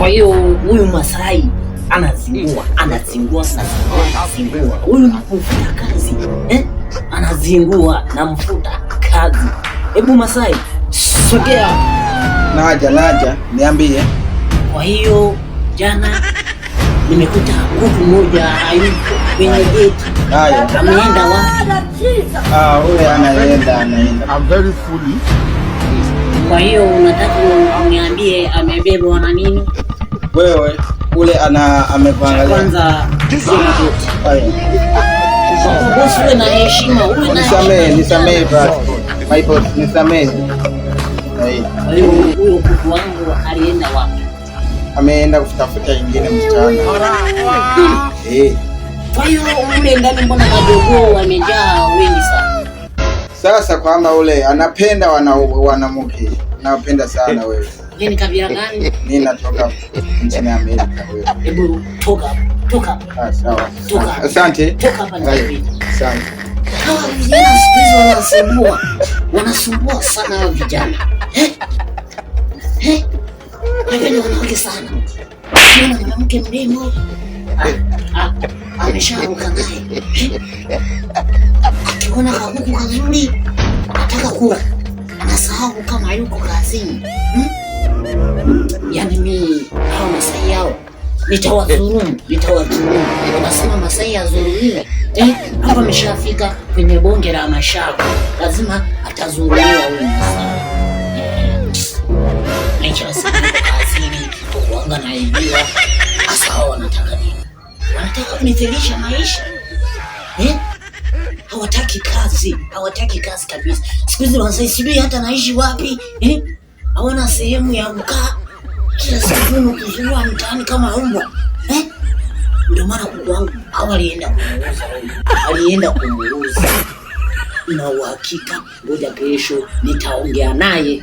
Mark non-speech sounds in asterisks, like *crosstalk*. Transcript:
Kwa hiyo huyu Masai anazingua anazingua anazingua, huyu ni kazi eh? Anazingua na mfuta kazi. Hebu Masai sogea, naja naja, niambie. Kwa hiyo jana nimekuta kuku moja hayuko kwenye geti. Haya, ameenda wapi? Ah, ule anaenda anaenda. I'm very fully. Kwa hiyo unataka uniambie amebebwa na nini? wewe ule ana amekuangalia kwanza. usiwe na heshima. Nisamehe, nisamehe my boss, nisamehe. Ameenda kutafuta ingine mchana. Kwa hiyo ule ndani mbona madogo wamejaa wengi sana. Sasa kwamba ule anapenda wanamke, anapenda sana wewe yeye ni kabila gani? *laughs* Mimi natoka nchini Amerika. Hebu toka, toka. Ah, sawa. Toka. Asante. Toka hapa nje. Asante. Hawa vijana siku wanasumbua. Wanasumbua sana hawa vijana. Eh? Eh? Napenda wanawake sana. Niona mwanamke mrembo. Ah, ah ameshaanguka naye. Eh? Akiona kakuku kazuri, anataka kula. Anasahau kama yuko kazini. Hmm? yani mimi hawa Masai yao nitawadhulumu, eh. nitawadhulumu. Wanasema Masai hazulumiwi eh, hapa ameshafika kwenye bonge la mashaka, lazima atazulumiwa huyu Masai eh, asilianga naibiwa. Sasa hao wanataka nini? Wanataka kunifelisha maisha eh? Hawataki kazi, hawataki kazi kabisa. Siku hizi Masai sijui hata naishi wapi eh? Hawana sehemu ya mkaa kila siku unakuzurua mtaani kama mbwa eh? Ndio maana kubwa wangu au alienda kumuuza, alienda kumuuza na uhakika. Ngoja kesho nitaongea naye.